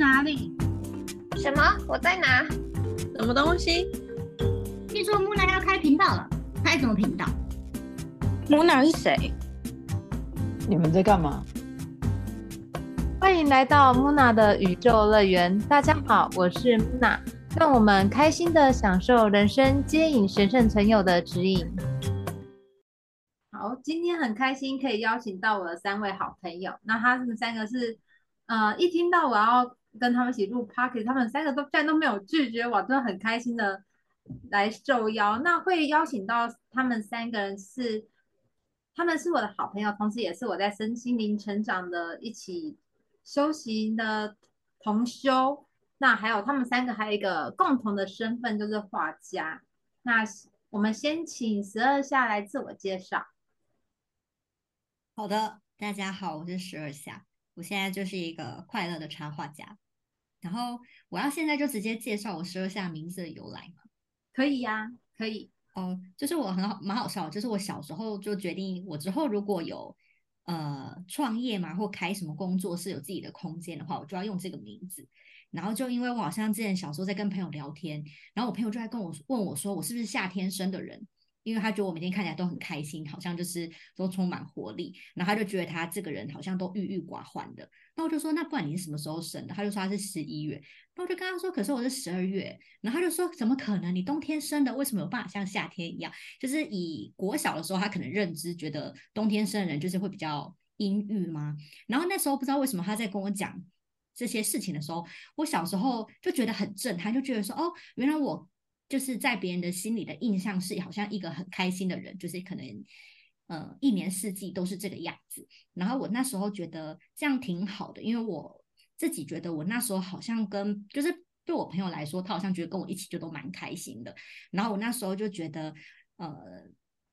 哪裡？什麼？我在哪？什麼東西？聽說木娜要開頻道了，開什麼頻道？木娜是誰？你們在幹嘛？歡迎來到木娜的宇宙樂園，大家好，我是木娜，讓我們開心的享受人生，接引神聖存有的指引。好，今天很開心可以邀請到我的三位好朋友，那他們三個是，呃，一聽到我要。跟他們一起錄 party 他們三個都居然都沒有拒絕，真的很開心的來受邀。那會邀請到他們三個人是，他們是我的好朋友，同時也是我在身心靈成長的一起修行的同修。那還有他們三個還有一個共同的身份就是畫家。那我們先請十二夏來自我介紹。好的，大家好，我是十二夏。我現在就是一個快樂的插畫家，然後我要現在就直接介紹我十二夏名字的由來嘛。可以呀、啊，可以。哦，就是我很好，蠻好笑。就是我小時候就決定，我之後如果有呃創業嘛，或開什麼工作室有自己的空間的話，我就要用這個名字。然後就因為我好像之前小時候在跟朋友聊天，然後我朋友就在跟我問我說，我是不是夏天生的人？因為他覺得我每天看起來都很開心，好像就是都充滿活力，然後他就覺得他這個人好像都鬱鬱寡歡的。那我就說，那不管你是什麼時候生的，他就說他是十一月。那我就跟他說，可是我是十二月。然後他就說，怎麼可能？你冬天生的，為什麼有辦法像夏天一樣？就是以國小的時候，他可能認知覺得冬天生的人就是會比較陰鬱嗎？然後那時候不知道為什麼他在跟我講這些事情的時候，我小時候就覺得很震撼，就覺得說，哦，原來我。就是在別人的心裡的印象是好像一個很開心的人，就是可能，呃，一年四季都是這個樣子。然後我那時候覺得這樣挺好的，因為我自己覺得我那時候好像跟，就是對我朋友來說，他好像覺得跟我一起就都蠻開心的。然後我那時候就覺得，呃，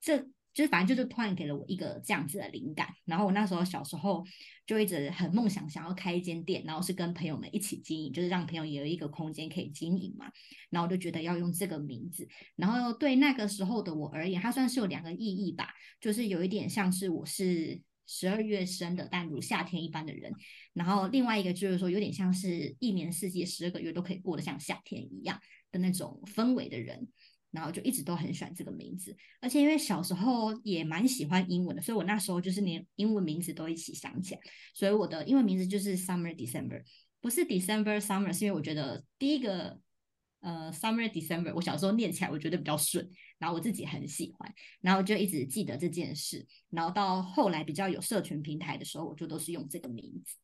這。就是反正就是突然給了我一個這樣子的靈感，然後我那時候小時候就一直很夢想想要開一間店，然後是跟朋友們一起經營，就是讓朋友也有一個空間可以經營嘛。然後我就覺得要用這個名字，然後對那個時候的我而言，它算是有兩個意義吧，就是有一點像是我是十二月生的，但如夏天一般的人，然後另外一個就是說有點像是一年四季十二個月都可以過得像夏天一樣的那種氛圍的人。然後就一直都很喜歡這個名字，而且因為小時候也蠻喜歡英文的，所以我那時候就是連英文名字都一起想起來。所以我的英文名字就是 Summer December，不是 December Summer，是因為我覺得第一個呃 Summer December，我小時候念起來我覺得比較順，然後我自己很喜歡，然後就一直記得這件事。然後到後來比較有社群平台的時候，我就都是用這個名字。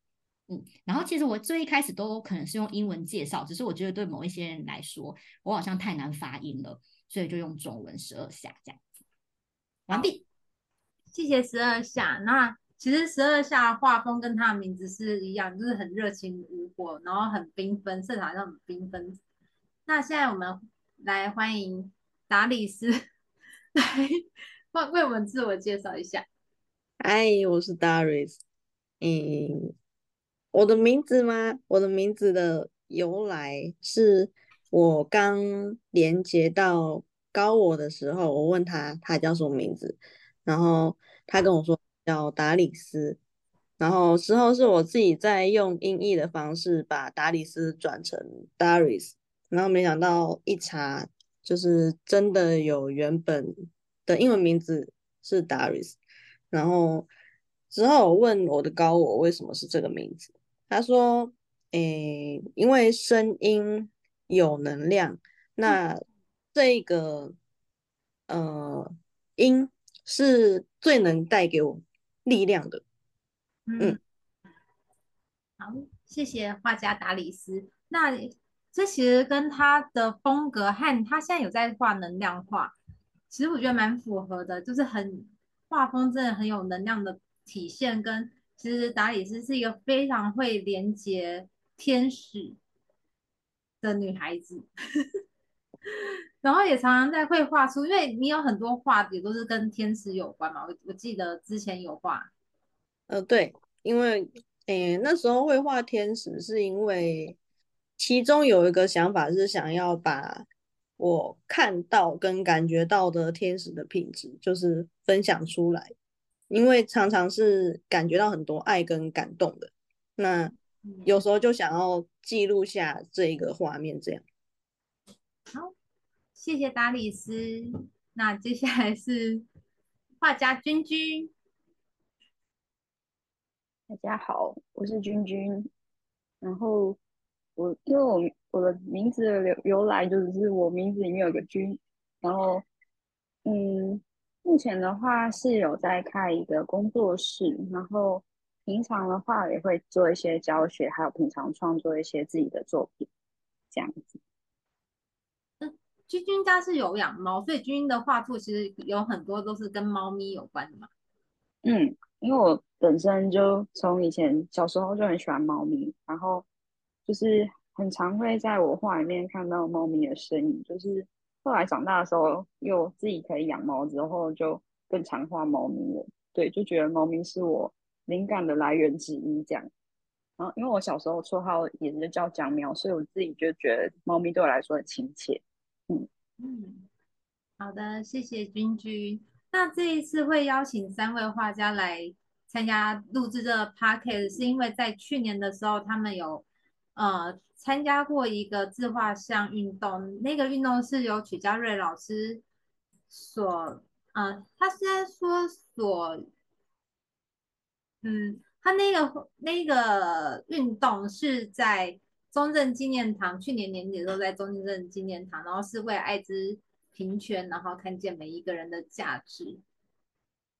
嗯，然後其實我最一開始都可能是用英文介紹，只是我覺得對某一些人來說，我好像太難發音了。所以就用中文十二夏，這樣子，完畢。謝謝十二夏。那其實十二夏畫風跟他的名字是一樣，就是很熱情、無火，然後很繽紛，色彩上很繽紛。那現在我們來歡迎 Darius 來為為我們自我介紹一下。哎，我是 Darius。嗯，我的名字嗎？我的名字的由來是。我剛連接到高我的時候，我問他他叫什麼名字，然後他跟我說叫達里斯，然後之後是我自己在用音譯的方式把達里斯轉成 Darius，然後沒想到一查就是真的有原本的英文名字是 Darius，然後之後我問我的高我為什麼是這個名字，他說，誒、哎，因為聲音。有能量，那這個、嗯、呃，音是最能帶給我力量的。嗯，好，謝謝畫家達里斯。那這其實跟他的風格和他現在有在畫能量畫，其實我覺得蠻符合的，就是很，畫風真的很有能量的體現。跟其實達里斯是一個非常會連接天使的女孩子， 然後也常常在繪畫出，因為你有很多畫也都是跟天使有關嘛。我我記得之前有畫，呃，對，因為，誒、欸，那時候繪畫天使是因為，其中有一個想法是想要把我看到跟感覺到的天使的品質，就是分享出來，因為常常是感覺到很多愛跟感動的，那。有時候就想要記錄下這一個畫面，這樣。好，謝謝 Darius。那接下來是畫家君君。大家好，我是君君。然後我因為我我的名字的由由來就是我名字裡面有個君。然後，嗯，目前的話是有在開一個工作室，然後。平常的話也會做一些教學，還有平常創作一些自己的作品，這樣子。嗯，君君家是有養貓，所以君君的畫作其實有很多都是跟貓咪有關的嘛。嗯，因為我本身就從以前小時候就很喜歡貓咪，然後就是很常會在我畫裡面看到貓咪的身影。就是後來長大的時候又自己可以養貓之後，就更常畫貓咪了。對，就覺得貓咪是我靈感的來源之一，這樣。啊，因為我小時候綽號也叫江喵，所以我自己就覺得貓咪對我來說很親切。嗯、嗯，好的，謝謝君君。那這一次會邀請三位畫家來參加錄製這個 podcast，嗯、是因為在去年的時候，他們有呃參加過一個自畫像運動。那個運動是由曲家瑞老師所啊、呃，他是在說所。嗯，他那個那個運動是在中正紀念堂，去年年底的時候在中正紀念堂，然後是為愛之平權，然後看見每一個人的價值。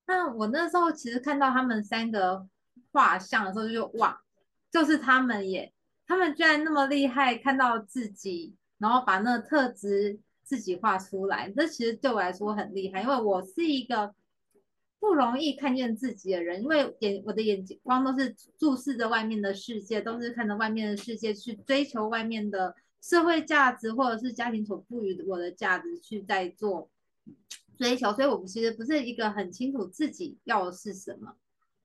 那我那時候其實看到他們三個畫像的時候就覺得，就哇，就是他們耶，他們居然那麼厲害，看到自己，然後把那個特質自己畫出來，這其實對我來說很厲害，因為我是一個。不容易看見自己的人，因為眼我的眼睛光都是注視着外面的世界，都是看着外面的世界去追求外面的社會價值，或者是家庭所賦予我的價值去在做追求。所以，我們其實不是一個很清楚自己要的是什麼，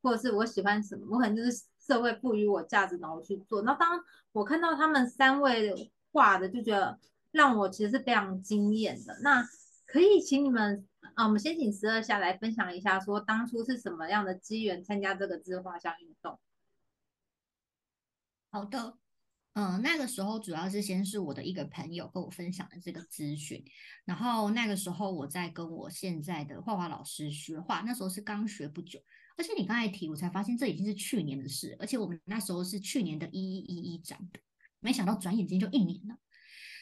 或者是我喜歡什麼。我可能就是社會賦予我價值，然後去做。那當我看到他們三位畫的，就覺得讓我其實是非常驚艷的。那可以，請你們啊，我們先請十二夏來分享一下，說當初是什麼樣的機緣參加這個自畫像運動？好的，嗯，那個時候主要是先是我的一個朋友跟我分享了這個資訊，然後那個時候我在跟我現在的畫畫老師學畫，那時候是剛學不久，而且你剛才提，我才發現這已經是去年的事，而且我們那時候是去年的一一一一展，沒想到轉眼間就一年了，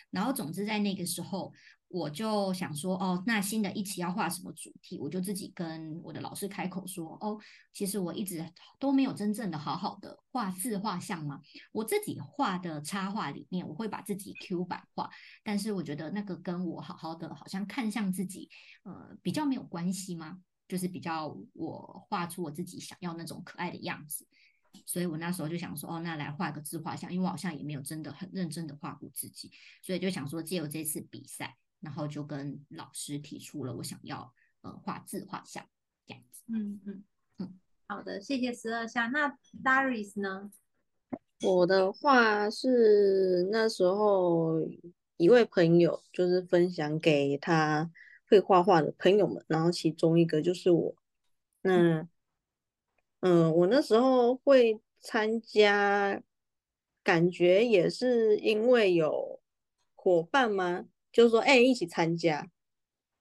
然後總之在那個時候。我就想說，哦，那新的一期要畫什麼主題？我就自己跟我的老師開口說，哦，其實我一直都沒有真正的好好的畫自畫像嘛。我自己畫的插畫裡面，我會把自己 Q 版畫，但是我覺得那個跟我的好好的好像看向自己，呃，比較沒有關係嘛，就是比較我畫出我自己想要那種可愛的樣子。所以我那時候就想說，哦，那來畫個自畫像，因為我好像也沒有真的很認真的畫過自己，所以就想說借由這次比賽。然後就跟老師提出了我想要呃畫，自畫像這樣子。嗯，嗯嗯嗯。好的，謝謝十二夏。那 Darius 呢？我的話是那時候一位朋友就是分享給他會畫畫的朋友們，然後其中一個就是我。那嗯、呃，我那時候會參加，感覺也是因為有夥伴嗎？就是說，哎、欸，一起參加，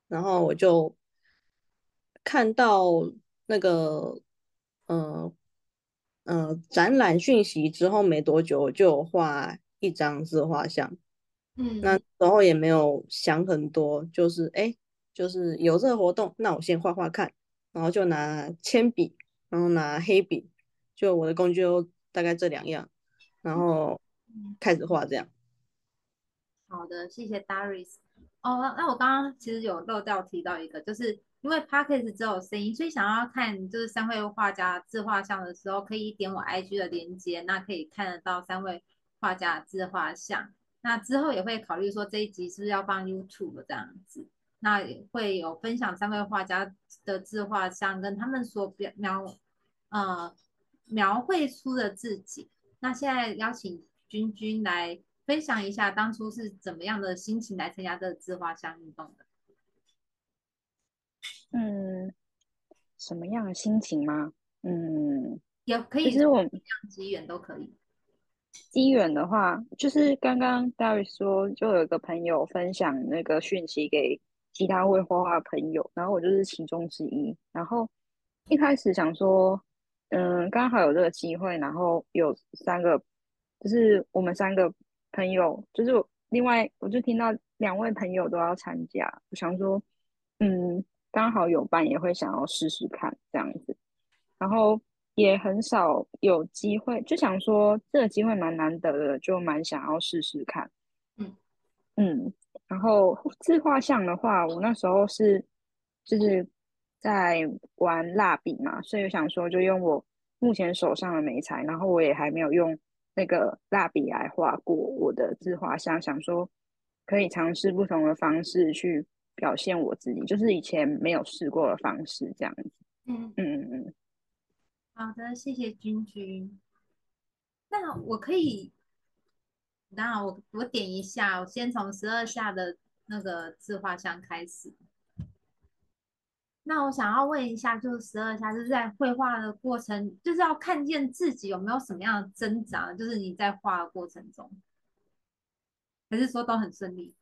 然後我就看到那個，嗯、呃，呃，展覽訊息之後沒多久，我就畫一張自畫像。嗯，那時候也沒有想很多，就是，哎、欸，就是有這個活動，那我先畫畫看。然後就拿鉛筆，然後拿黑筆，就我的工具就大概這兩樣，然後開始畫這樣。好的，謝謝 Darius。哦、oh，那我剛剛其實有漏掉提到一個，就是因為 Podcast 只有聲音，所以想要看就是三位畫家自畫像的時候，可以點我 IG 的連接，那可以看得到三位畫家自畫像。那之後也會考慮說這一集是不是要放 YouTube 這樣子，那也會有分享三位畫家的自畫像跟他們所描，呃，描繪出的自己。那現在邀請君君來。分享一下當初是怎麼樣的心情來參加這個自畫像運動的？嗯，什麼樣的心情嗎？嗯，也可以，其實我們機緣都可以。機緣的話，就是剛剛大衛說，嗯、就有一個朋友分享那個訊息給其他會畫畫的朋友，然後我就是其中之一。然後一開始想說，嗯，剛好有這個機會，然後有三個，就是我們三個。朋友就是我，另外我就聽到兩位朋友都要參加，我想說，嗯，剛好有伴，也會想要試試看這樣子，然後也很少有機會，就想說這個機會蠻難得的，就蠻想要試試看。嗯嗯，然後自畫像的話，我那時候是就是在玩蠟筆嘛，所以我想說就用我目前手上的媒材，然後我也還沒有用，那個蠟筆來畫過我的自畫像，想說可以嘗試不同的方式去表現我自己，就是以前沒有試過的方式，這樣子。嗯嗯嗯。嗯好的，謝謝君君。那我可以，那我我點一下，我先從十二夏的那個自畫像開始。那我想要問一下，就是十二夏，就是在繪畫的過程，就是要看見自己有沒有什麼樣的掙扎，就是你在畫的過程中，還是說都很順利？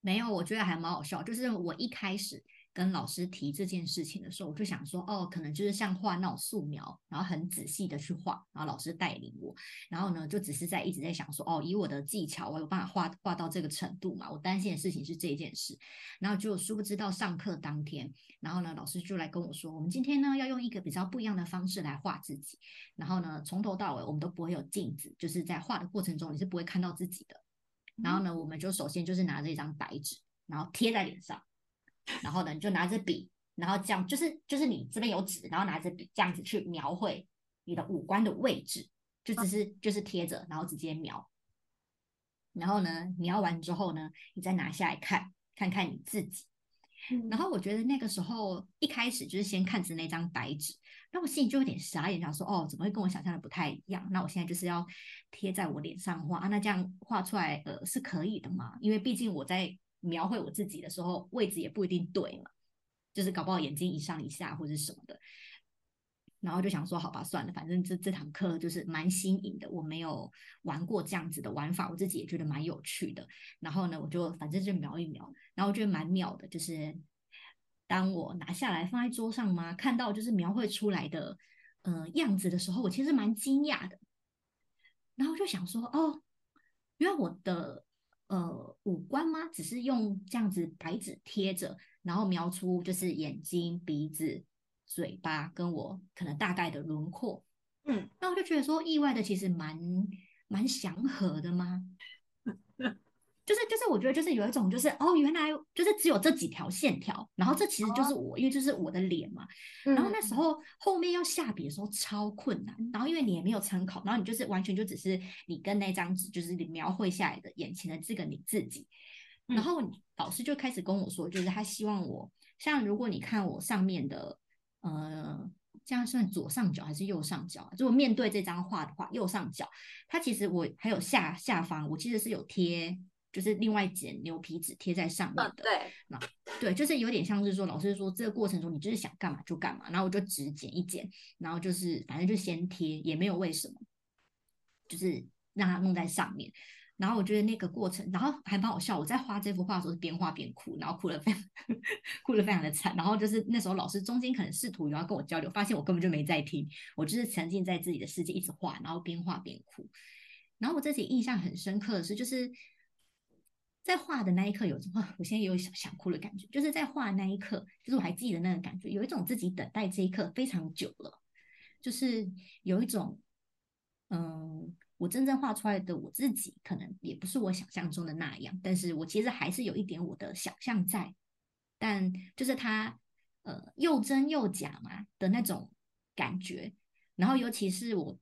沒有，我覺得還蠻好笑，就是我一開始。跟老師提這件事情的時候，我就想說，哦，可能就是像畫那種素描，然後很仔細的去畫，然後老師帶領我，然後呢，就只是在一直在想說，哦，以我的技巧，我有辦法畫畫到這個程度嘛？我擔心的事情是這件事，然後就殊不知道上課當天，然後呢，老師就來跟我說，我們今天呢要用一個比較不一樣的方式來畫自己，然後呢，從頭到尾我們都不會有鏡子，就是在畫的過程中你是不會看到自己的，然後呢，我們就首先就是拿着一張白紙，然後貼在臉上。然後呢，你就拿着筆，然後這樣，就是就是你這邊有紙，然後拿着筆這樣子去描繪你的五官的位置，就只是就是貼着，然後直接描。然後呢，描完之後呢，你再拿下來看，看看你自己。然後我覺得那個時候一開始就是先看着那張白紙，那我心裡就有點傻眼，想說哦，怎麼會跟我想象的不太一樣？那我現在就是要貼在我臉上畫，啊，那這樣畫出來呃是可以的嗎？因為畢竟我在。描繪我自己的時候，位置也不一定對嘛，就是搞不好眼睛一上一下或者什麼的，然後就想說好吧，算了，反正這這堂課就是蠻新穎的，我沒有玩過這樣子的玩法，我自己也覺得蠻有趣的。然後呢，我就反正就描一描，然後我覺得蠻妙的，就是當我拿下來放在桌上嘛，看到就是描繪出來的嗯、呃、樣子的時候，我其實蠻驚訝的。然後就想說哦，因為我的。呃，五官嗎，只是用這樣子白紙貼着，然後描出就是眼睛、鼻子、嘴巴，跟我可能大概的輪廓。嗯，那我就覺得說，意外的其實蠻蠻祥和的嘛。 就是就是，就是、我覺得就是有一種就是哦，原來就是只有這幾條線條，然後這其實就是我，哦、因為就是我的臉嘛。嗯、然後那時候後面要下筆的時候超困難，然後因為你也沒有參考，然後你就是完全就只是你跟那張紙就是你描繪下來的眼前的這個你自己。嗯、然後老師就開始跟我說，就是他希望我像如果你看我上面的，呃，這樣算左上角還是右上角？如果面對這張畫的話，右上角，它其實我還有下下方，我其實是有貼。就是另外剪牛皮紙貼在上面的，啊、對，那對，就是有點像是說老師說這個過程中你就是想幹嘛就幹嘛，然後我就只剪一剪，然後就是反正就先貼也沒有為什麼，就是讓它弄在上面，然後我覺得那個過程，然後還蠻好笑。我在畫這幅畫的時候是邊畫邊哭，然後哭得非常呵呵，哭得非常的慘，然後就是那時候老師中間可能試圖有要跟我交流，發現我根本就沒在聽，我就是沉浸在自己的世界一直畫，然後邊畫邊哭。然後我自己印象很深刻的是就是。在畫的那一刻，有種，我現在也有想想哭的感覺。就是在畫的那一刻，就是我還記得那個感覺，有一種自己等待這一刻非常久了，就是有一種，嗯，我真正畫出來的我自己，可能也不是我想象中的那樣，但是我其實還是有一點我的想象在，但就是它，呃，又真又假嘛的那種感覺。然後尤其是我，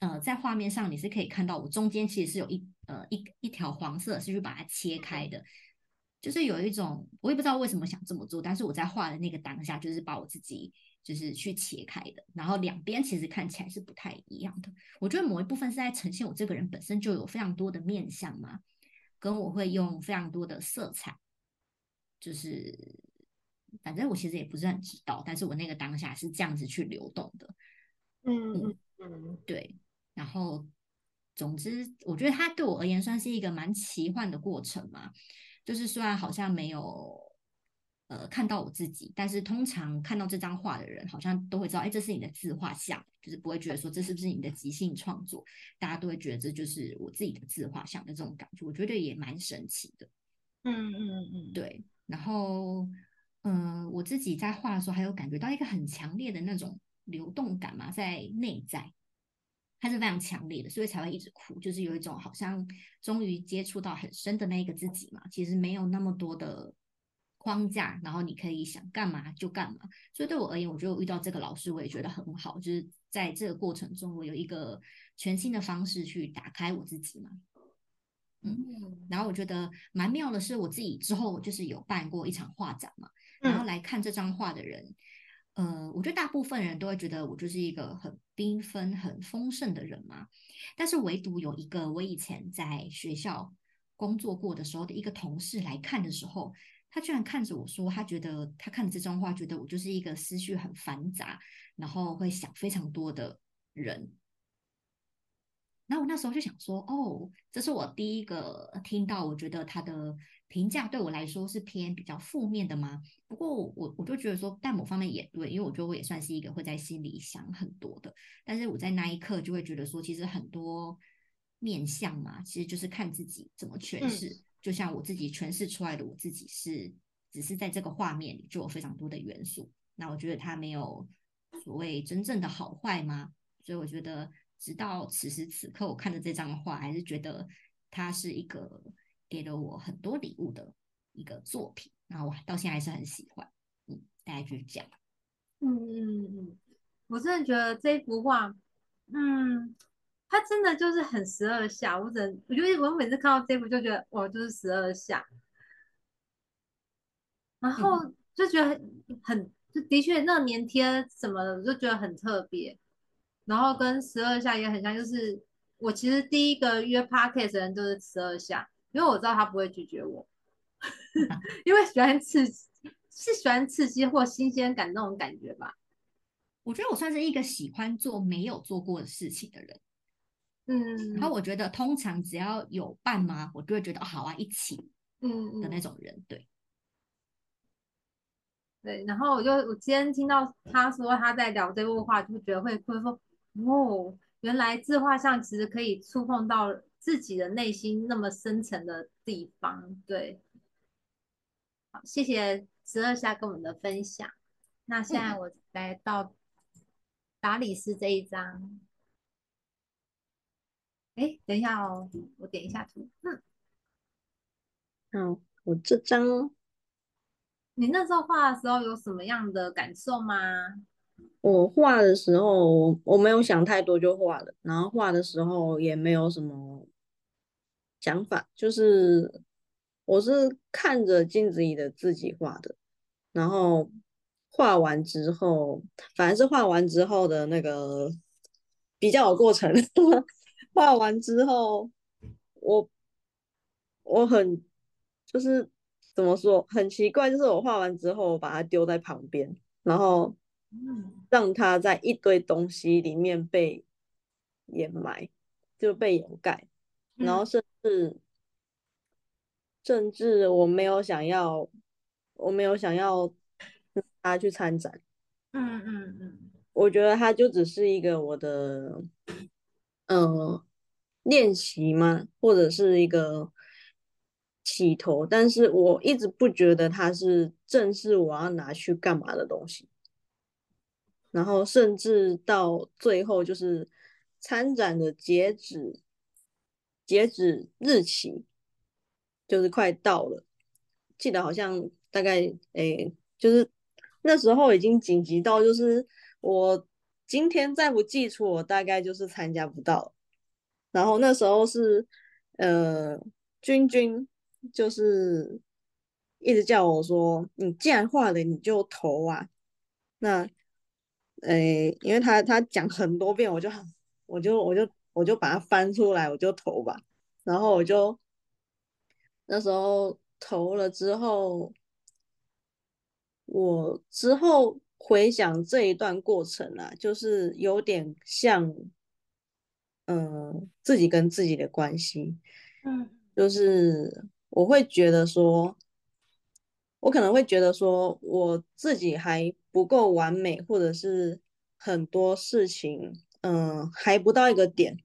呃，在畫面上你是可以看到，我中間其實是有一。呃，一一條黃色是去把它切開的，就是有一種我也不知道為什麼想這麼做，但是我在畫的那個當下，就是把我自己就是去切開的，然後兩邊其實看起來是不太一樣的。我覺得某一部分是在呈現我這個人本身就有非常多的面向嘛，跟我會用非常多的色彩，就是反正我其實也不是很知道，但是我那個當下是這樣子去流動的，嗯嗯嗯，對，然後。總之，我覺得它對我而言算是一個蠻奇幻的過程嘛。就是雖然好像沒有呃看到我自己，但是通常看到這張畫的人，好像都會知道，哎、欸，這是你的自畫像，就是不會覺得說這是不是你的即興創作。大家都會覺得這就是我自己的自畫像的這種感覺，我覺得也蠻神奇的。嗯嗯嗯，對。然後，嗯、呃，我自己在畫的時候，還有感覺到一個很強烈的那種流動感嘛，在內在。它是非常強烈的，所以才會一直哭，就是有一種好像終於接觸到很深的那個自己嘛。其實沒有那麼多的框架，然後你可以想幹嘛就幹嘛。所以對我而言，我覺得我遇到這個老師，我也覺得很好，就是在這個過程中，我有一個全新的方式去打開我自己嘛。嗯，然後我覺得蠻妙的是，我自己之後就是有辦過一場畫展嘛，然後，來看這張畫的人。呃，我覺得大部分人都會覺得我就是一個很繽紛、很豐盛的人嘛。但是唯獨有一個我以前在學校工作過的時候的一個同事來看的時候，他居然看着我說，他覺得他看了這張畫，覺得我就是一個思緒很繁雜，然後會想非常多的人。然後我那時候就想說，哦，這是我第一個聽到，我覺得他的評價對我來說是偏比較負面的嗎？不過我我就覺得說，在某方面也對，因為我覺得我也算是一個會在心裡想很多的。但是我在那一刻就會覺得說，其實很多面向嘛，其實就是看自己怎麼詮釋。嗯、就像我自己詮釋出來的，我自己是只是在這個畫面裡就有非常多的元素。那我覺得他沒有所謂真正的好壞嘛？所以我覺得。直到此時此刻，我看着這張畫，還是覺得它是一個給了我很多禮物的一個作品。然後，我到現在還是很喜歡。嗯，大概就是這樣。嗯嗯嗯嗯，我真的覺得這一幅畫，嗯，它真的就是很十二夏。我整，我覺得我每次看到這幅，就覺得哇，就是十二夏。然後就覺得很，就的確那粘貼什麼，我就覺得很特別。然後跟十二夏也很像，就是我其實第一個約 podcast 的人就是十二夏，因為我知道他不會拒絕我， 因為喜歡刺激，是喜歡刺激或新鮮感那種感覺吧。我覺得我算是一個喜歡做沒有做過的事情的人，嗯。然後我覺得通常只要有伴嘛，我就會覺得好啊，一起，嗯，的那種人，對，嗯、對。然後我就我今天聽到他說他在聊這個話，就覺得會或者說。哦，原來自畫像其實可以觸碰到自己的內心那麼深層的地方，對。好，謝謝十二夏跟我們的分享。那現在我來到 Darius 這一張，哎、嗯，等一下哦，我點一下圖。嗯，嗯我這張、哦，你那時候畫的時候有什麼樣的感受嗎？我畫的時候，我沒有想太多就畫了，然後畫的時候也沒有什麼想法，就是我是看着鏡子裡的自己畫的，然後畫完之後，反正是畫完之後的那個比較有過程。畫完之後，我我很就是怎麼說很奇怪，就是我畫完之後把它丟在旁邊，然後。讓他在一堆東西裡面被掩埋，就被掩蓋，然後甚至、嗯、甚至我沒有想要，我沒有想要他去參展。嗯嗯嗯，我覺得他就只是一個我的嗯練習嘛，或者是一個起頭，但是我一直不覺得他是正式我要拿去幹嘛的東西。然後甚至到最後，就是參展的截止截止日期就是快到了，記得好像大概誒、欸，就是那時候已經緊急到，就是我今天再不寄出，我大概就是參加不到。然後那時候是呃，君君就是一直叫我說：“你既然畫了，你就投啊。”那。誒，因為他他講很多遍，我就很，我就我就我就把它翻出來，我就投吧。然後我就那時候投了之後，我之後回想這一段過程啊，就是有點像，嗯、呃，自己跟自己的關係，嗯，就是我會覺得說，我可能會覺得說我自己還。不夠完美，或者是很多事情，嗯、呃，還不到一個點，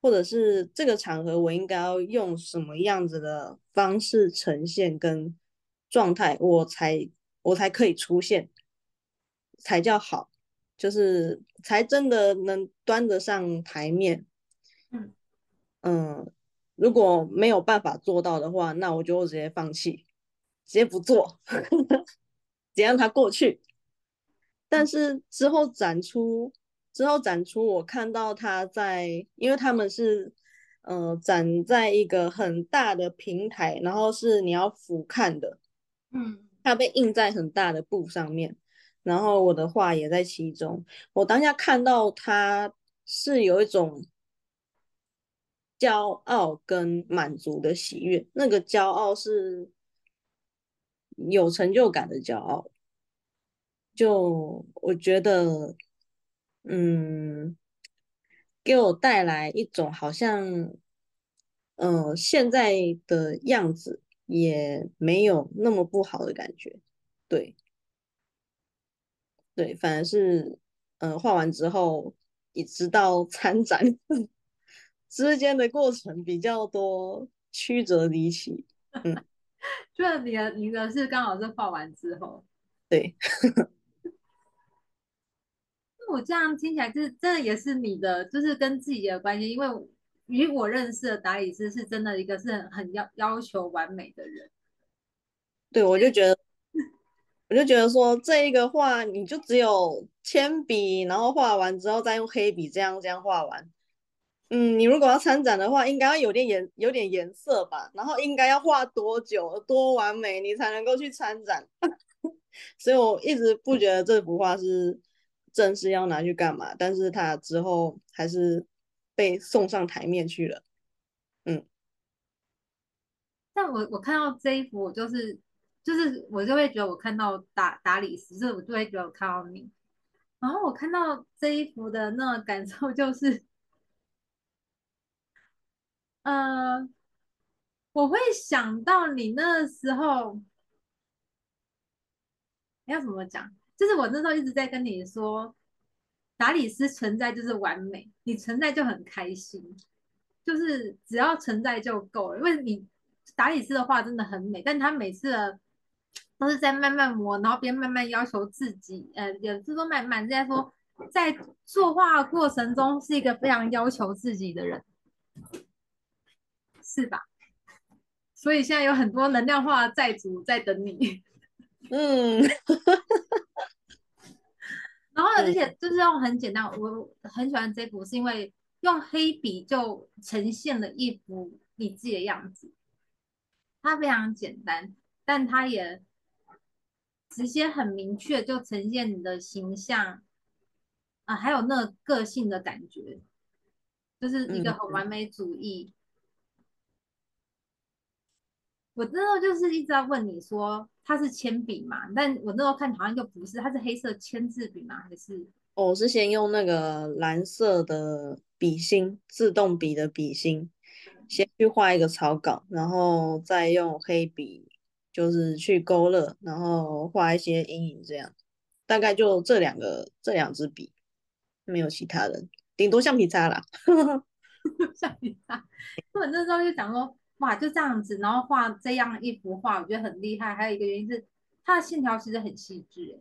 或者是這個場合，我應該要用什麼樣子的方式呈現跟狀態，我才我才可以出現，才叫好，就是才真的能端得上台面。嗯、呃，如果沒有辦法做到的話，那我就直接放棄，直接不做，直接讓它過去。但是之後展出之後展出，我看到他在，因為他們是，呃，展在一個很大的平台，然後是你要俯瞰的，嗯，它被印在很大的布上面，然後我的畫也在其中。我當下看到他是有一種驕傲跟滿足的喜悅，那個驕傲是有成就感的驕傲。就我覺得，嗯，給我帶來一種好像，嗯、呃，現在的樣子也沒有那麼不好的感覺，對，對，反而是，嗯、呃，畫完之後，一直到參展呵呵，之間的過程比較多曲折離奇，嗯、就你的你的是剛好是畫完之後，對。呵呵我這樣聽起來就是這也是你的，就是跟自己的關係。因為與我認識的 Darius 是真的一個是很很要要求完美的人。對，我就覺得， 我就覺得說這一個畫，你就只有鉛筆，然後畫完之後再用黑筆這樣這樣畫完。嗯，你如果要參展的話，應該要有點顏有點顏色吧？然後應該要畫多久多完美，你才能夠去參展。 所以我一直不覺得這幅畫是。正是要拿去幹嘛？但是他之後還是被送上台面去了。嗯，但我我看到這一幅，我就是就是我就會覺得我看到達達里斯，所以我就會覺得我看到你。然後我看到這一幅的那種感受就是，呃，我會想到你那時候要怎麼講？就是我那時候一直在跟你說，達里斯存在就是完美，你存在就很開心，就是只要存在就夠了。因為你達里斯的畫真的很美，但他每次都是在慢慢磨，然後邊慢慢要求自己，呃，也是說慢慢在說，在作畫過程中是一個非常要求自己的人，是吧？所以現在有很多能量畫債主在等你。嗯， 然後而且就是用很簡單，嗯、我很喜歡這幅，是因為用黑筆就呈現了一幅你自己的樣子，它非常簡單，但它也直接很明確就呈現你的形象啊、呃，還有那個個性的感覺，就是一個很完美主義。嗯嗯、我真的就是一直在問你說。它是鉛筆嘛？但我那時候看好像就不是，它是黑色簽字筆嗎？還是？哦，是先用那個藍色的筆芯，自動筆的筆芯，先去畫一個草稿，然後再用黑筆就是去勾勒，然後畫一些陰影，這樣大概就這兩個這兩支筆，沒有其他的，頂多橡皮擦啦， 橡皮擦。我那時候就想說。哇，就這樣子，然後畫這樣一幅畫，我覺得很厲害。還有一個原因是，他的線條其實很細緻，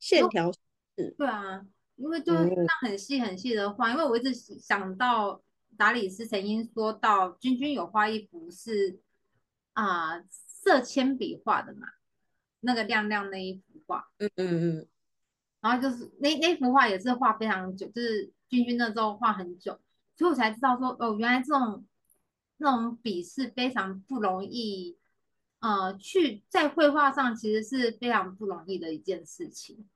線條是，對啊，因為就是這樣很細很細的畫。嗯、因為我一直想到達里斯曾經說到，君君有畫一幅是啊、呃，色鉛筆畫的嘛，那個亮亮那一幅畫，嗯嗯嗯，然後就是那那幅畫也是畫非常久，就是君君那時候畫很久。所以我才知道說哦，原來這種那種筆是非常不容易，呃，去在繪畫上其實是非常不容易的一件事情。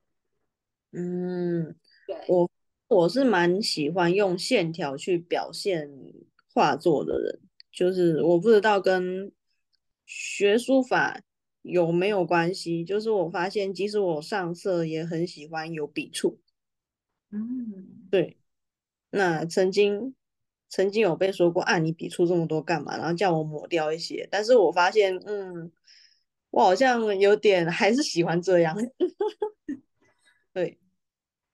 嗯，對我我是蠻喜歡用線條去表現畫作的人，就是我不知道跟學書法有沒有關係？就是我發現，即使我上色，也很喜歡有筆觸。嗯，對。那曾經，曾經有被說過，啊，你筆觸這麼多幹嘛？然後叫我抹掉一些。但是我發現，嗯，我好像有點還是喜歡這樣。呵呵對，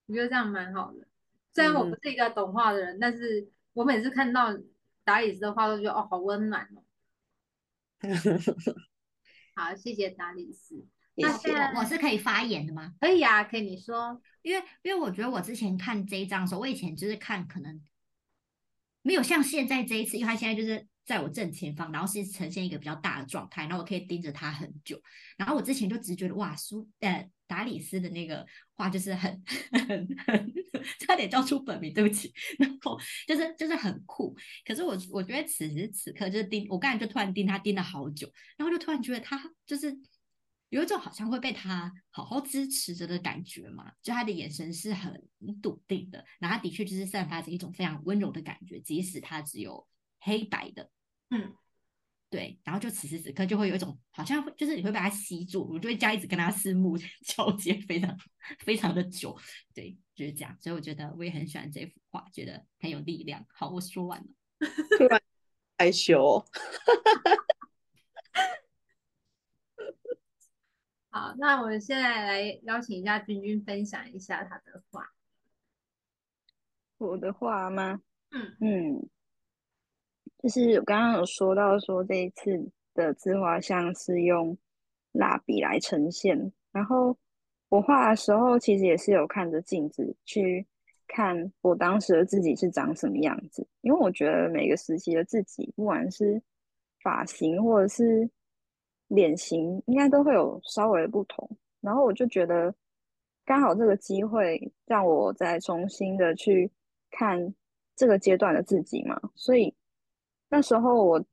我覺得這樣蠻好的。雖然我不是一個懂畫的人，嗯、但是我每次看到達里斯的畫都覺得哦，好溫暖哦。 好，謝謝達里斯。謝謝那是，我是可以發言的嗎？可以啊，可以你說。因為，因為我覺得我之前看這一張的時候，我以前就是看可能沒有像現在這一次，因為他現在就是在我正前方，然後是呈現一個比較大的狀態，然後我可以盯着他很久。然後我之前就只覺得哇，蘇呃達里斯的那個畫就是很很，很，很差點叫出本名，對不起。然後就是就是很酷，可是我我覺得此時此刻就是盯，我剛才就突然盯他盯了好久，然後就突然覺得他就是。有一種好像會被他好好支持着的感覺嘛，就他的眼神是很篤定的，然後他的確就是散發着一種非常溫柔的感覺，即使他只有黑白的，嗯，對，然後就此時此刻就會有一種好像就是你會被他吸住，我就會這樣一直跟他四目交接，非常非常的久，對，就是這樣。所以我覺得我也很喜歡這幅畫，覺得很有力量。好，我說完了，突 然害羞、哦。 好，那我們現在來邀請一下君君分享一下他的畫，我的畫嗎？嗯嗯，就是我剛剛有說到說這一次的自畫像是用蠟筆來呈現，然後我畫的時候其實也是有看着鏡子去看我當時的自己是長什麼樣子，因為我覺得每個時期的自己，不管是髮型或者是。臉型應該都會有稍微的不同，然後我就覺得剛好這個機會讓我再重新的去看這個階段的自己嘛，所以那時候我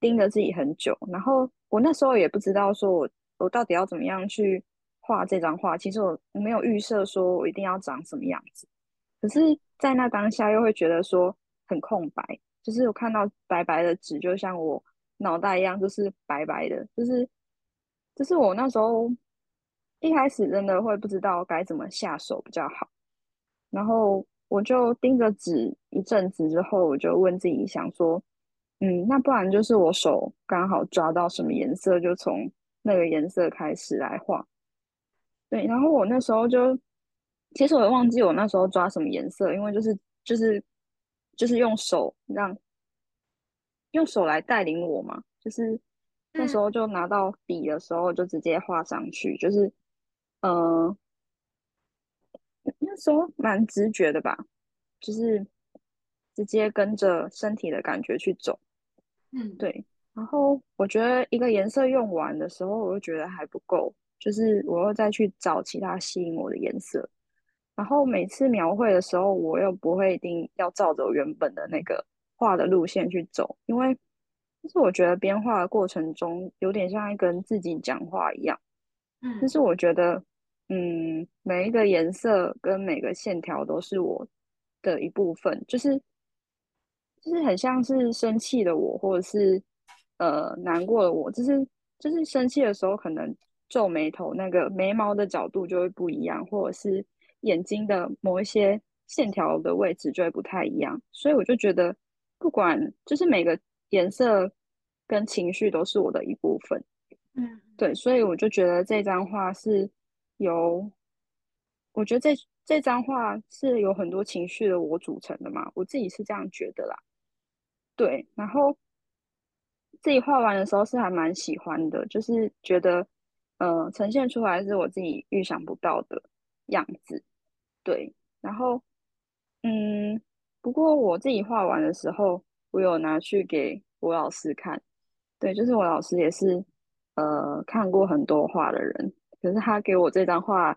盯着自己很久，然後我那時候也不知道說我我到底要怎麼樣去畫這張畫，其實我沒有預設說我一定要長什麼樣子，可是，在那當下又會覺得說很空白，就是我看到白白的紙，就像我。腦袋一樣就是白白的，就是就是我那時候一開始真的會不知道該怎麼下手比較好，然後我就盯着紙一陣子之後，我就問自己想說，嗯，那不然就是我手剛好抓到什麼顏色，就從那個顏色開始來畫。對，然後我那時候就，其實我也忘記我那時候抓什麼顏色，因為就是就是就是用手讓。用手來帶領我嘛，就是那時候就拿到筆的時候就直接畫上去，嗯、就是嗯、呃、那時候蠻直覺的吧，就是直接跟着身體的感覺去走，嗯對。然後我覺得一個顏色用完的時候，我又覺得還不夠，就是我又再去找其他吸引我的顏色。然後每次描繪的時候，我又不會一定要照着原本的那個。嗯畫的路線去走，因為就是我覺得編畫的過程中，有點像在跟自己講話一樣。嗯，就是我覺得，嗯，每一個顏色跟每個線條都是我的一部分，就是就是很像是生氣的我，或者是呃難過的我。就是就是生氣的時候，可能皺眉頭，那個眉毛的角度就會不一樣，或者是眼睛的某一些線條的位置就會不太一樣。所以我就覺得。不管就是每個顏色跟情緒都是我的一部分，嗯，對，所以我就覺得這張畫是由，我覺得這這張畫是由很多情緒的我組成的嘛，我自己是這樣覺得啦，對，然後自己畫完的時候是還蠻喜歡的，就是覺得，呃，呈現出來是我自己預想不到的樣子，對，然後，嗯。不過我自己畫完的時候，我有拿去給我老師看，對，就是我老師也是，呃，看過很多畫的人。可是他給我這張畫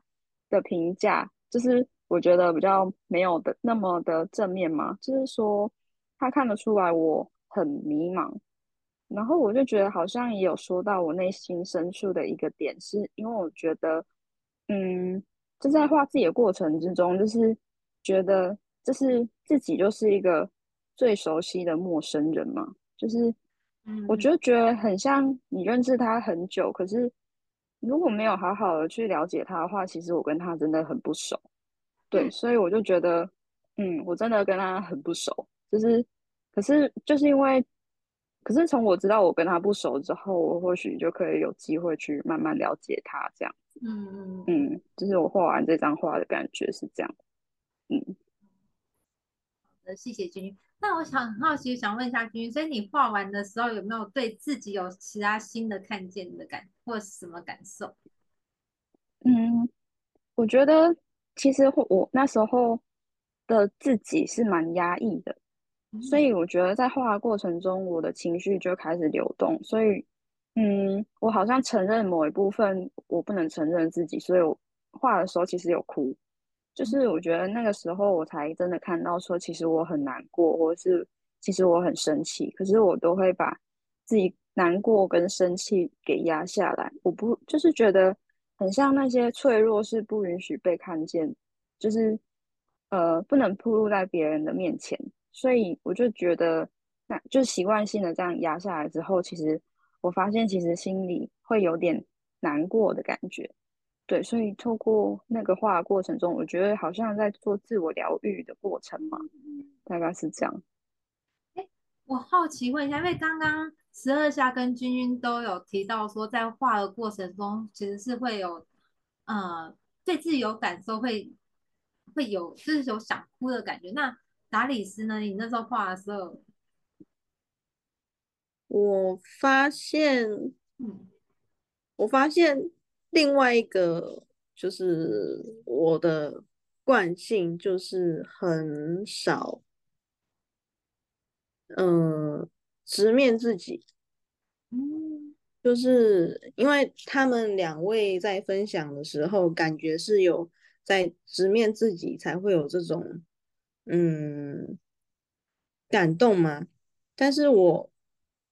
的評價，就是我覺得比較沒有的那麼的正面嘛，就是說他看得出來我很迷茫，然後我就覺得好像也有說到我內心深處的一個點，是因為我覺得，嗯，就在畫自己的過程之中，就是覺得。就是自己就是一個最熟悉的陌生人嘛，就是，嗯，我就覺得很像你認識他很久，可是如果沒有好好的去了解他的話，其實我跟他真的很不熟，對，嗯、所以我就覺得，嗯，我真的跟他很不熟，就是，可是就是因為，可是從我知道我跟他不熟之後，我或許就可以有機會去慢慢了解他，這樣子，嗯嗯嗯，就是我畫完這張畫的感覺是這樣，嗯。謝謝君君。那我想很好奇，想問一下君君，所以你畫完的時候有沒有對自己有其他新的看見的感，或是什麼感受？嗯，我覺得其實我那時候的自己是蠻壓抑的，嗯，所以我覺得在畫的過程中，我的情緒就開始流動。所以，嗯，我好像承認某一部分我不能承認自己，所以我畫的時候其實有哭。就是我覺得那個時候，我才真的看到說，其實我很難過，或是其實我很生氣，可是我都會把自己難過跟生氣給壓下來。我不就是覺得很像那些脆弱是不允許被看見，就是呃不能暴露在別人的面前，所以我就覺得那就習慣性的這樣壓下來之後，其實我發現其實心裡會有點難過的感覺。對，所以透過那個畫的過程中，我覺得好像在做自我療癒的過程嘛，大概是這樣。哎、欸，我好奇問一下，因為剛剛十二夏跟君君都有提到說，在畫的過程中其實是會有，呃，對自己有感受會，會會有就是有想哭的感覺。那達里斯呢？你那時候畫的時候，我發現，嗯、我發現。另外一個就是我的慣性就是很少，嗯，直面自己。嗯，就是因為他們兩位在分享的時候，感覺是有在直面自己，才會有這種嗯感動嘛，但是我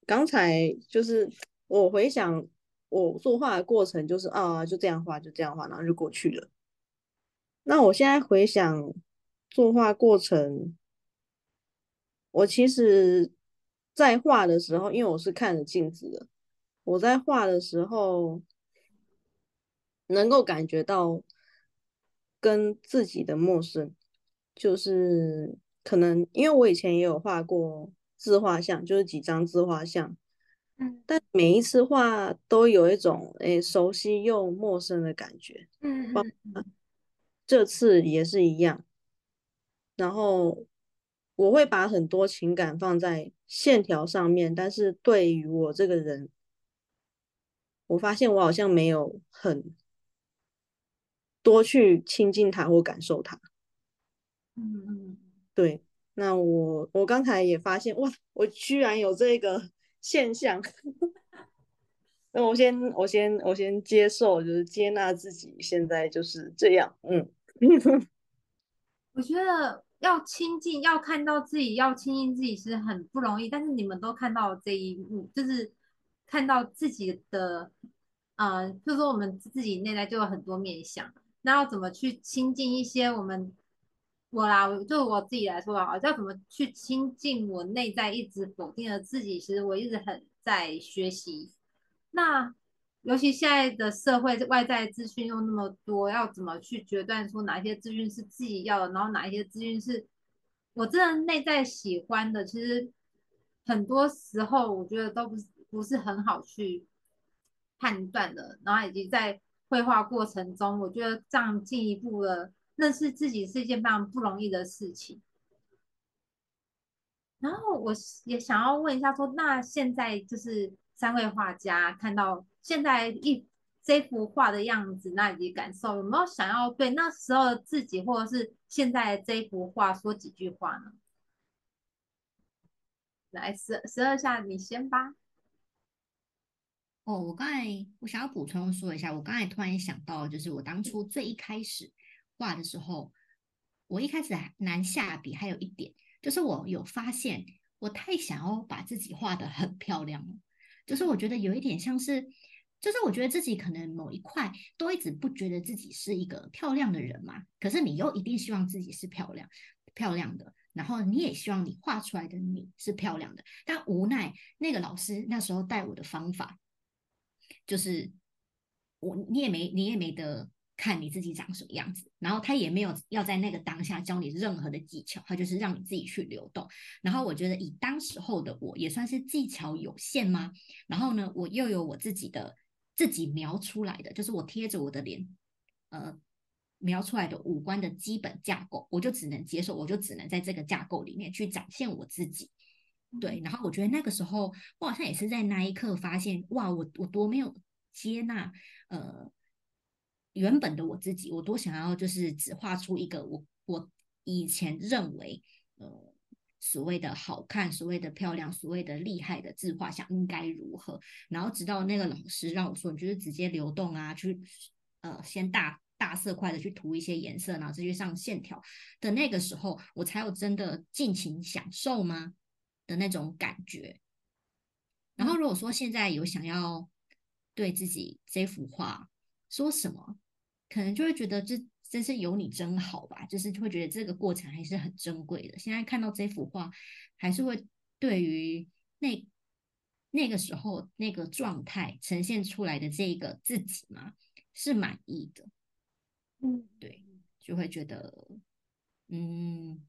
剛才就是我回想。我作畫的過程就是啊，就這樣畫，就這樣畫，然後就過去了。那我現在回想作畫過程，我其實，在畫的時候，因為我是看着鏡子的，我在畫的時候，能夠感覺到跟自己的陌生，就是可能，因為我以前也有畫過自畫像，就是幾張自畫像。但每一次畫都有一種誒、欸、熟悉又陌生的感覺，嗯哼，這次也是一樣。然後我會把很多情感放在線條上面，但是對於我這個人，我發現我好像沒有很多去親近他或感受他。嗯嗯，對。那我我剛才也發現，哇，我居然有這個。現象， 那我先我先我先接受，就是接納自己現在就是這樣。嗯， 我覺得要親近，要看到自己，要親近自己是很不容易。但是你們都看到這一幕，就是看到自己的，嗯、呃，就是說我們自己內在就有很多面相。那要怎麼去親近一些我們？我啦，就我自己來說啊，我要怎麼去親近我內在一直否定的自己？其實我一直很在學習。那尤其現在的社會，外在資訊又那麼多，要怎麼去決斷出哪些資訊是自己要的，然後哪一些資訊是我真的內在喜歡的？其實很多時候我覺得都不是不是很好去判斷的。然後以及在繪畫過程中，我覺得這樣進一步的。認識自己是一件非常不容易的事情。然後我也想要問一下，說那現在就是三位畫家看到現在一這幅畫的樣子，那你感受有沒有想要對那時候自己或者是現在這幅畫說幾句話呢？來十二十二夏，你先吧。哦，我剛才我想要補充說一下，我剛才突然想到，就是我當初最一開始。畫的時候，我一開始還難下筆，還有一點就是我有發現，我太想要把自己畫的很漂亮了，就是我覺得有一點像是，就是我覺得自己可能某一塊都一直不覺得自己是一個漂亮的人嘛，可是你又一定希望自己是漂亮漂亮的，然後你也希望你畫出來的你是漂亮的，但無奈那個老師那時候帶我的方法，就是我你也沒你也沒得。看你自己長什麼樣子，然後他也沒有要在那個當下教你任何的技巧，他就是讓你自己去流動。然後我覺得以當時候的我也算是技巧有限嗎？然後呢，我又有我自己的自己描出來的，就是我貼着我的臉，呃，描出來的五官的基本架構，我就只能接受，我就只能在這個架構裡面去展現我自己。對，然後我覺得那個時候我好像也是在那一刻發現，哇，我我多沒有接納，呃。原本的我自己，我多想要就是只畫出一個我我以前認為呃，所謂的好看、所謂的漂亮、所謂的厲害的自畫像應該如何？然後直到那個老師讓我說你就是直接流動啊，去呃先大大色塊的去塗一些顏色，然後再去上線條的那個時候，我才有真的盡情享受嗎的那種感覺。然後如果說現在有想要對自己這幅畫說什麼？可能就會覺得這真是有你真好吧，就是就會覺得這個過程還是很珍貴的。現在看到這幅畫，還是會對於那那個時候那個狀態呈現出來的這個自己嘛，是滿意的。嗯，對，就會覺得嗯，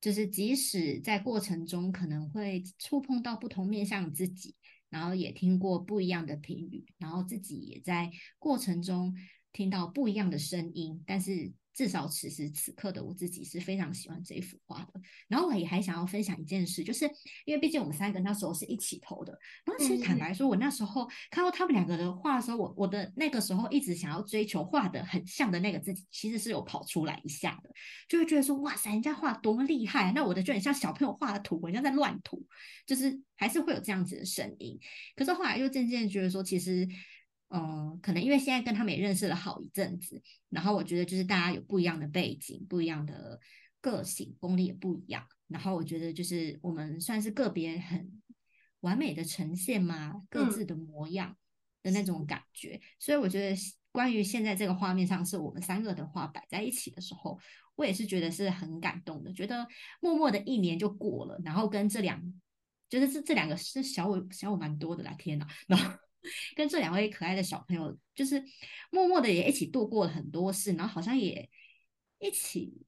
就是即使在過程中可能會觸碰到不同面向的自己。然後也聽過不一樣的評語，然後自己也在過程中聽到不一樣的聲音，但是。至少此時此刻的我自己是非常喜歡這幅畫的。然後我也還想要分享一件事，就是因為畢竟我們三個那時候是一起投的。那其實坦白說，我那時候看到他們兩個的畫的時候，我我的那個時候一直想要追求畫的很像的那個自己，其實是有跑出來一下的，就會覺得說哇塞，人家畫多麼厲害啊，那我的就很像小朋友畫的圖，人家在亂塗，就是還是會有這樣子的聲音。可是後來又漸漸覺得說，其實。嗯，可能因為現在跟他們也認識了好一陣子，然後我覺得就是大家有不一樣的背景、不一樣的個性、功力也不一樣，然後我覺得就是我們算是個別很完美的呈現嘛，各自的模樣的那種感覺，嗯、所以我覺得關於現在這個畫面上是我們三個的畫擺在一起的時候，我也是覺得是很感動的，覺得默默的一年就過了，然後跟這兩就是這這兩個是小我小我蠻多的啦，天哪，然後。跟這兩位可愛的小朋友，就是默默的也一起度過了很多事，然後好像也一起，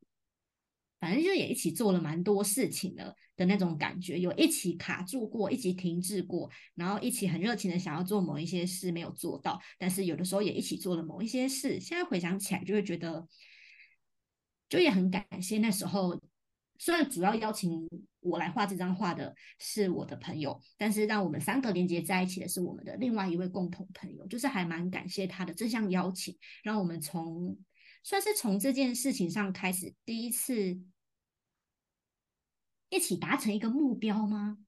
反正就是也一起做了蠻多事情了的，的那種感覺，有一起卡住過，一起停滯過，然後一起很熱情的想要做某一些事沒有做到，但是有的時候也一起做了某一些事，現在回想起來就會覺得，就也很感謝那時候。雖然主要邀請我來畫這張畫的是我的朋友，但是讓我們三個連接在一起的是我們的另外一位共同朋友，就是還蠻感謝他的這項邀請，讓我們從算是從這件事情上開始第一次一起達成一個目標嗎？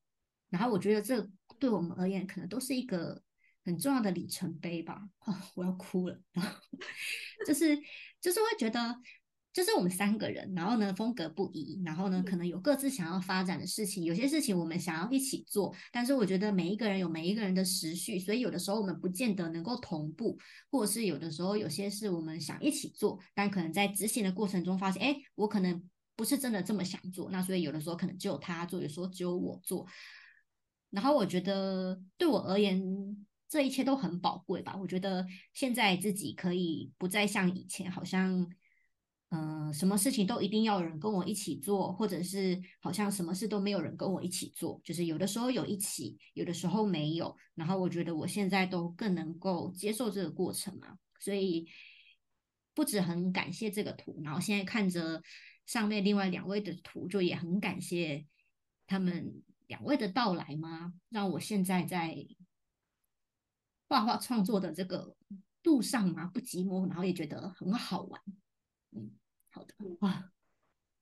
然後我覺得這對我們而言可能都是一個很重要的里程碑吧。啊，我要哭了， 就是就是會覺得。就是我們三個人，然後呢風格不一，然後呢可能有各自想要發展的事情，有些事情我們想要一起做，但是我覺得每一個人有每一個人的時序，所以有的時候我們不見得能夠同步，或者是有的時候有些事我們想一起做，但可能在執行的過程中發現，哎，我可能不是真的這麼想做，那所以有的時候可能只有他做，有時候只有我做，然後我覺得對我而言，這一切都很寶貴吧，我覺得現在自己可以不再像以前好像。嗯、呃，什麼事情都一定要有人跟我一起做，或者是好像什麼事都沒有人跟我一起做，就是有的時候有一起，有的時候沒有。然後我覺得我現在都更能夠接受這個過程嘛，所以不止很感謝這個圖，然後現在看着上面另外兩位的圖，就也很感謝他們兩位的到來嘛，讓我現在在畫畫創作的這個路上嘛，不寂寞，然後也覺得很好玩。嗯、好的，哇，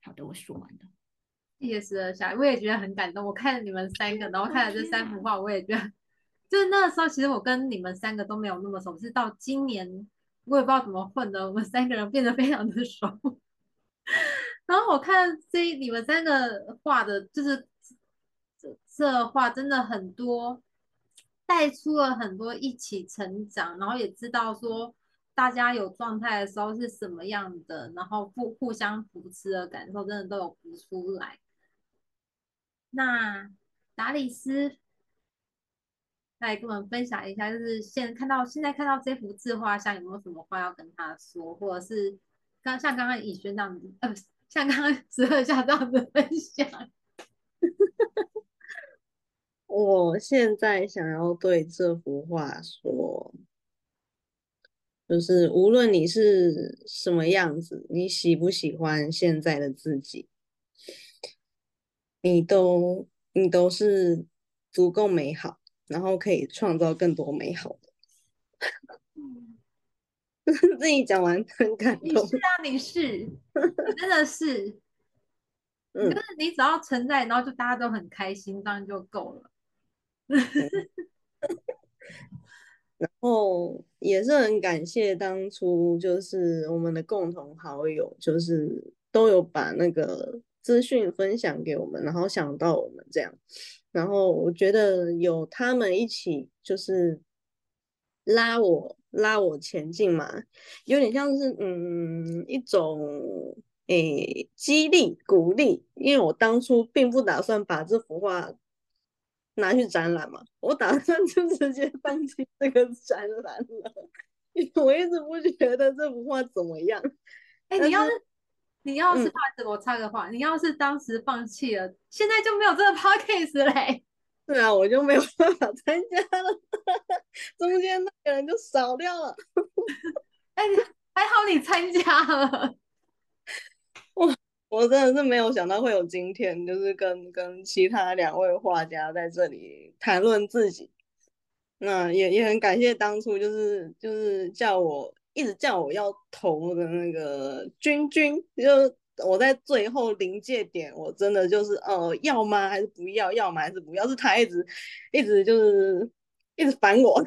好的，我說完了。謝謝十二夏，我也覺得很感動。我看了你們三個，然後看了這三幅畫，哪我也覺得，就那時候，其實我跟你們三個都沒有那麼熟，是到今年，我也不知道怎麼混的，我們三個人變得非常的熟。 然後我看這你們三個畫的，就是這這畫真的很多，帶出了很多一起成長，然後也知道說。大家有狀態的時候是什麼樣的？然後互互相扶持的感受，真的都有出來。那達里斯，來跟我們分享一下，就是現看到現在看到這幅自畫像，有沒有什麼話要跟他說？或者是剛像剛剛以軒這樣子，呃，不是像剛剛十二夏這樣子分享。 我現在想要對這幅畫說。就是無論你是什麼樣子，你喜不喜歡現在的自己，你都你都是足夠美好，然後可以創造更多美好的。 自己講完很感動，你是啊，你是，你真的是。 你就是你只要存在，然後就大家都很開心，當然就夠了。 然後也是很感謝當初就是我們的共同好友，就是都有把那個資訊分享給我們，然後想到我們這樣，然後我覺得有他們一起就是拉我拉我前進嘛，有點像是嗯一種誒、欸、激勵鼓勵，因為我當初並不打算把這幅畫拿去展覽嘛？我打算就直接放棄這個展覽了。我一直不覺得這幅畫怎麼樣。哎、欸，是你要是、嗯、你要是怕，我插個話，你要是當時放棄了，現在就沒有這個 podcast 嘞、欸。對啊，我就沒有辦法參加了，中間那個人就少掉了。哎、欸，還好你參加了，我。 我真的是沒有想到會有今天，就是跟跟其他兩位畫家在這裡談論自己，那也也很感謝當初就是就是叫我一直叫我要投的那個君君，就是、我在最後臨界點，我真的就是呃要嗎還是不要，要嗎還是不要，是他一直一直就是一直煩我，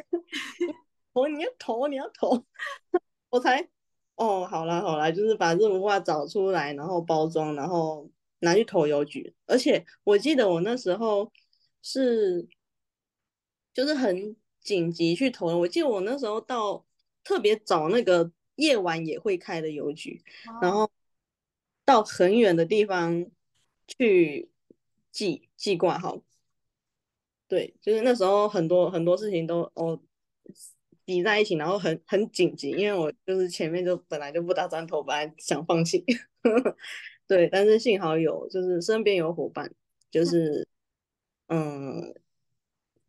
投你要投你要投，要投 我才。哦，好啦好啦，就是把這幅畫找出來，然後包裝，然後拿去投郵局。而且我記得我那時候是，就是很緊急去投。我記得我那時候到特別找那個夜晚也會開的郵局，啊、然後到很遠的地方去寄寄掛號。對，就是那時候很多很多事情都哦。擠在一起，然後很很緊急，因為我就是前面就本來就不打算頭，發，本來想放棄， 對，但是幸好有，就是身邊有伙伴，就是嗯，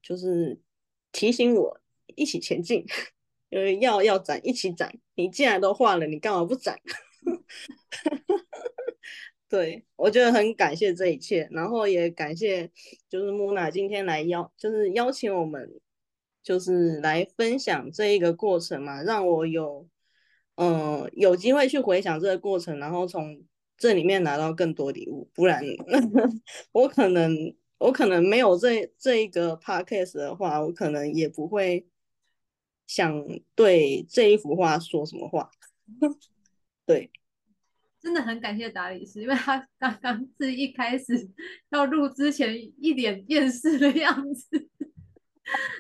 就是提醒我一起前進，因為要要斬，一起斬，你既然都畫了，你幹嘛不斬？ 對，我覺得很感謝這一切，然後也感謝就是木娜今天來邀，就是邀請我們。就是來分享這一個過程嘛，讓我有，嗯、呃、有機會去回想這個過程，然後從這裡面拿到更多禮物。不然，嗯、 我可能我可能沒有這這一個 podcast 的話，我可能也不會想對這一幅畫說什麼話。嗯、 對，真的很感謝 Darius，因為他剛剛是一開始要錄之前一臉厭世的樣子。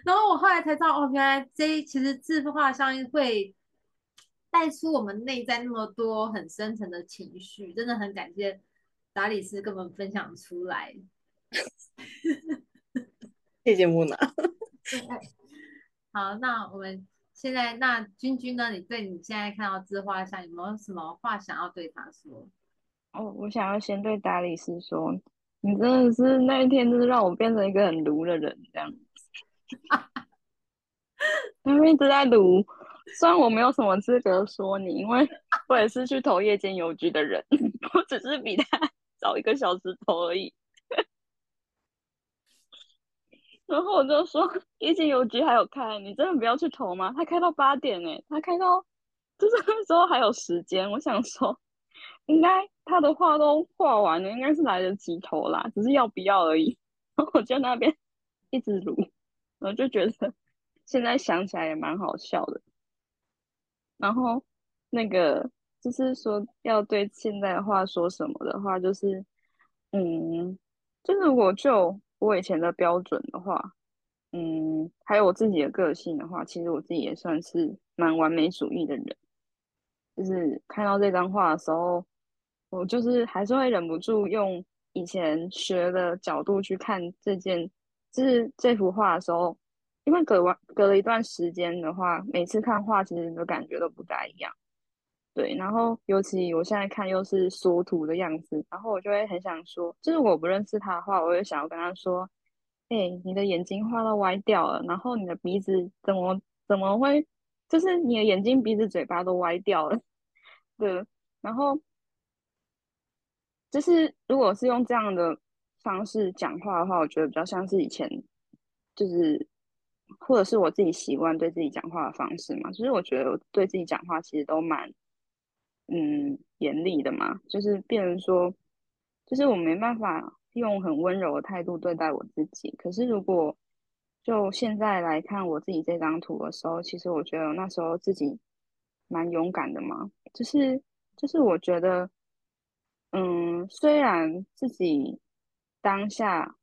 然後我後來才知道，哦，原來這其實自畫像會帶出我們內在那麼多很深層的情緒，真的很感謝 Darius 跟我們分享出來。謝謝木娜 好，那我們現在，那君君呢？你對你現在看到自畫像有沒有什麼話想要對他說？我、哦、我想要先對 Darius 說，你真的是那一天，就是讓我變成一個很盧的人這樣。他們一直在擼，雖然我沒有什麼資格說你，因為我也是去投夜間郵局的人，我只是比他早一個小時投而已。然後我就說，夜間郵局還有開，你真的不要去投嗎？他開到八點哎、欸，他開到就是那時候還有時間。我想說，應該他的畫都畫完了，應該是來得及投啦，只是要不要而已。然後我就那邊一直擼，我就覺得現在想起來也蠻好笑的。然後那個就是說要對現在的話說什麼的話，就是嗯，就是我就我以前的標準的話，嗯，還有我自己的個性的話，其實我自己也算是蠻完美主義的人。就是看到這張畫的時候，我就是還是會忍不住用以前學的角度去看這件。就是這幅畫的時候，因為隔完隔了一段時間的話，每次看畫其實你都感覺都不大一樣。對，然後尤其我現在看又是縮圖的樣子，然後我就會很想說，就是我不認識他的話，我就想要跟他說：“哎、欸，你的眼睛畫到歪掉了，然後你的鼻子怎麼怎麼會，就是你的眼睛、鼻子、嘴巴都歪掉了。”對，然後就是如果是用這樣的。方式講話的話，我覺得比較像是以前，就是或者是我自己習慣對自己講話的方式嘛。其實我覺得我對自己講話其實都蠻，嗯，嚴厲的嘛。就是別人說，就是我沒辦法用很溫柔的態度對待我自己。可是如果就現在來看我自己這張圖的時候，其實我覺得那時候自己蠻勇敢的嘛。就是就是我覺得，嗯，雖然自己。當下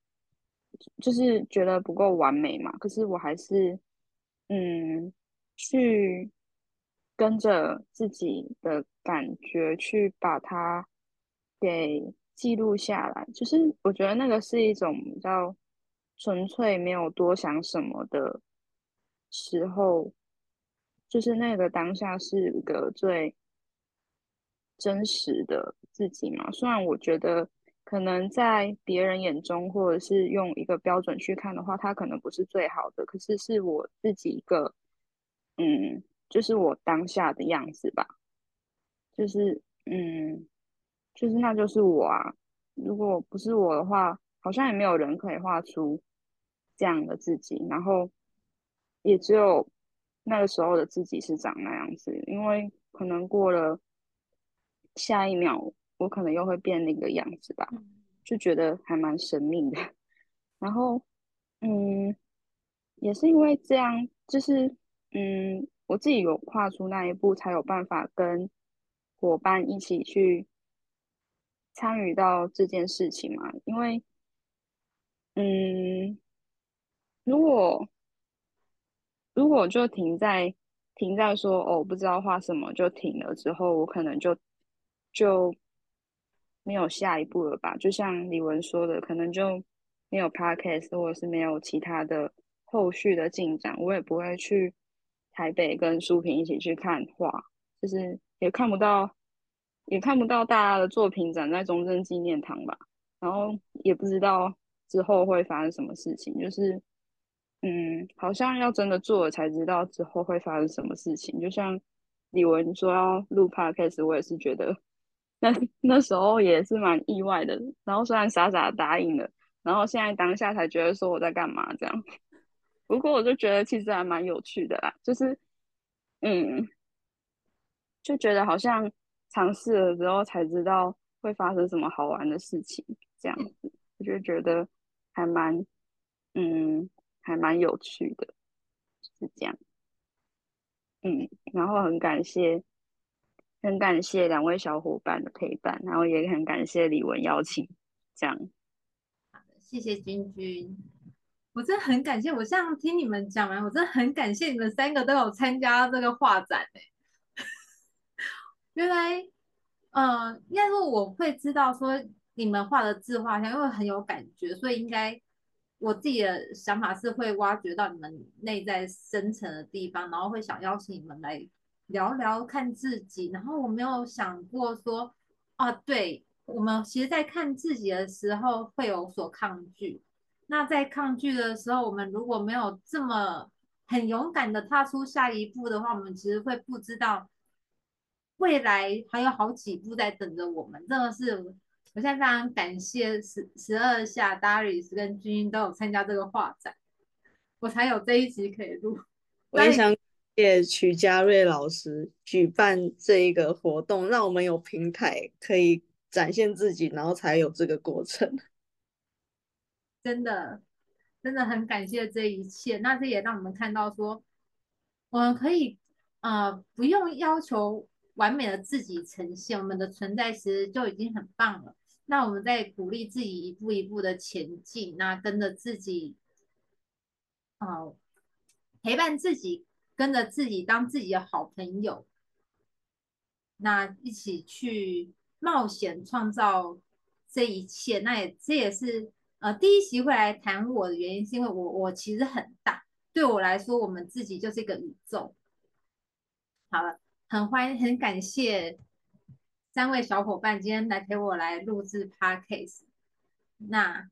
就是覺得不夠完美嘛，可是我還是嗯去跟着自己的感覺去把它給記錄下來，就是我覺得那個是一種比較純粹，沒有多想什麼的時候，就是那個當下是一個最真實的自己嘛，雖然我覺得。可能在別人眼中，或者是用一個標準去看的話，它可能不是最好的，可是是我自己一個，嗯，就是我當下的樣子吧。就是，嗯，就是那就是我啊。如果不是我的話，好像也沒有人可以畫出這樣的自己，然後也只有那個時候的自己是長那樣子，因為可能過了下一秒。我可能又會變那個樣子吧，就覺得還蠻神秘的。然後，嗯，也是因為這樣，就是嗯，我自己有跨出那一步，才有辦法跟夥伴一起去參與到這件事情嘛。因為，嗯，如果如果就停在停在說哦，不知道畫什麼就停了之後，我可能就就。沒有下一步了吧？就像李文說的，可能就沒有 podcast 或者是沒有其他的後續的進展。我也不會去台北跟書評一起去看畫，就是也看不到，也看不到大家的作品展在中正紀念堂吧。然後也不知道之後會發生什麼事情。就是嗯，好像要真的做了才知道之後會發生什麼事情。就像李文說要錄 podcast，我也是覺得。 那時候也是蠻意外的，然後雖然傻傻的答應了，然後現在當下才覺得說我在幹嘛這樣，不過我就覺得其實還蠻有趣的啦，就是嗯，就覺得好像嘗試了之後才知道會發生什麼好玩的事情這樣子，我就覺得還蠻嗯還蠻有趣的，就是這樣，嗯，然後很感謝。很感謝兩位小伙伴的陪伴，然後也很感謝李文邀請，這樣。謝謝君君，我真的很感謝。我像聽你們講完，啊，我真的很感謝你們三個都有參加這個畫展。欸、 原來，嗯、呃，應該說我會知道說你們畫的自畫像因為很有感覺，所以應該我自己的想法是會挖掘到你們內在深層的地方，然後會想邀請你們來。聊聊看自己，然後我沒有想過說，啊對，對我們其實，在看自己的時候會有所抗拒。那在抗拒的時候，我們如果沒有這麼很勇敢的踏出下一步的話，我們其實會不知道未來還有好幾步在等着我們。真的是我現在非常感謝十十二夏 Darius 跟君音都有參加這個畫展，我才有這一集可以錄。我也想。謝曲家瑞老師舉辦這一個活動，讓我們有平台可以展現自己，然後才有這個過程。真的，真的很感謝這一切。那這也讓我們看到說，說我們可以，啊、呃、不用要求完美的自己呈現，我們的存在其實就已經很棒了。那我們在鼓勵自己一步一步的前進，那跟着自己，哦、呃，陪伴自己。跟着自己當自己的好朋友，那一起去冒險，創造這一切，那也這也是呃第一集會來談我的原因，是因為我我其實很大，對我來說我們自己就是一個宇宙。好了，很歡迎很感謝三位小夥伴今天來陪我來錄製 Podcast。那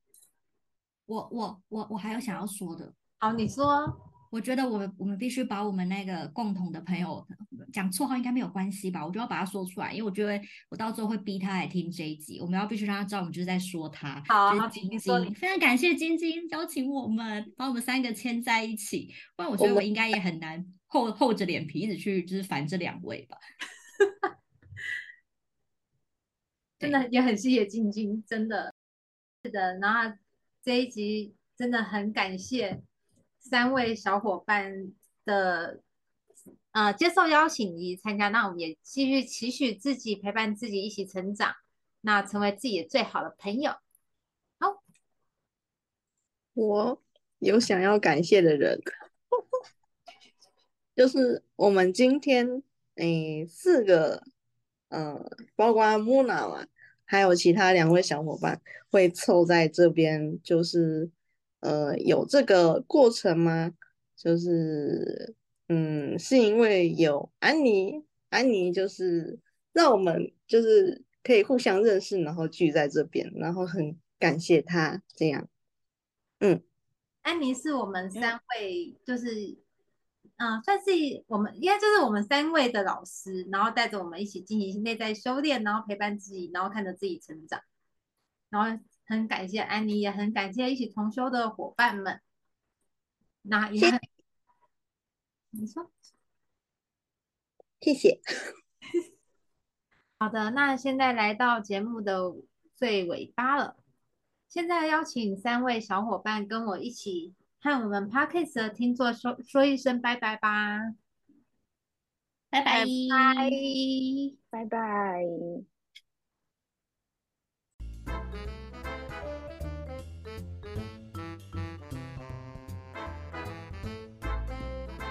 我我我我還有想要說的，好你說。我覺得我們我們必須把我們那個共同的朋友講綽號應該沒有關係吧？我就要把他說出來，因為我覺得我到時候會逼他來聽這一集。我們要必須讓他知道我們就是在說他。好，晶晶，好非常感謝晶晶邀請我們，把我們三個牽在一起。不然我覺得我應該也很難厚厚我着臉皮一直去，就是煩這兩位吧。 真的也很謝謝晶晶，真的，是的。然後這一集真的很感謝。三位小伙伴的呃接受邀請參加，那我們也繼續期許自己陪伴自己一起成長，那成為自己最好的朋友。好，我有想要感謝的人， 就是我們今天誒、哎、四個，嗯、呃，包括木娜啊，還有其他兩位小伙伴會湊在這邊，就是。呃，有這個過程嗎？就是，嗯，是因為有安妮，安妮就是讓我們就是可以互相認識，然後聚在這邊，然後很感謝她這樣。嗯，安妮是我們三位，就是，嗯、呃，算是我們應該就是我們三位的老師，然後帶着我們一起進行內在修煉，然後陪伴自己，然後看着自己成長，然後。很感謝安妮，也很感謝一起同修的夥伴們。那也很，你說，謝謝。好的，那現在來到節目的最尾巴了。現在邀請三位小夥伴跟我一起和我們 Podcast 的聽眾說說一聲拜拜吧。拜拜，拜拜。拜拜。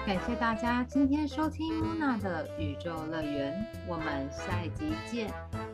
感謝大家今天收聽慕娜的宇宙樂園，我們下一集見。